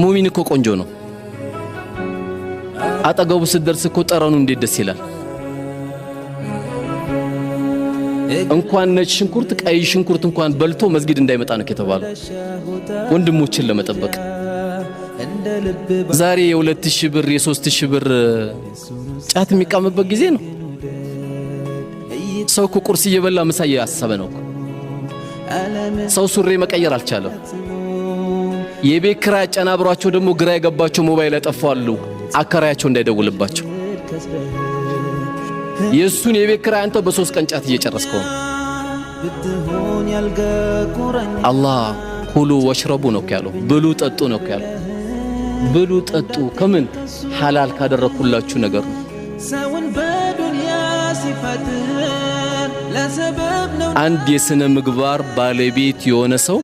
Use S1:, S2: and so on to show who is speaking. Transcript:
S1: ሙሚን እኮ ቆንጆ ነው። አጠገቡ ስትደርስ እኮ ጠረኑ እንዴት ደስ ይላል። እንኳን ነጭ ሽንኩርት ቀይ ሽንኩርት እንኳን በልቶ መስጊድ እንዳይመጣ ነው የተባለው ወንድሞችን ለመጠበቅ። ዛሬ የሁለት ሺህ ብር የሶስት ሺህ ብር ጫት የሚቃምበት ጊዜ ነው። ሰው እኮ ቁርስ እየበላ ምሳ እያሰበ ነው። ሰው ሱሬ መቀየር አልቻለም። የቤት ኪራይ አጨናብሯቸው ደግሞ ግራ የገባቸው ሞባይል ያጠፋሉ። አከራያቸው እንዳይደውልባቸው የእሱን የቤት ክራ አንተ በሶስት ቀን ጫት እየጨረስከው አላህ ሁሉ ወሽረቡ ነው ያለው፣ ብሉ ጠጡ ነው ያለው። ብሉ ጠጡ ከምን ሐላል ካደረኩላችሁ ነገር ነው። አንድ የሥነ ምግባር ባለቤት የሆነ ሰው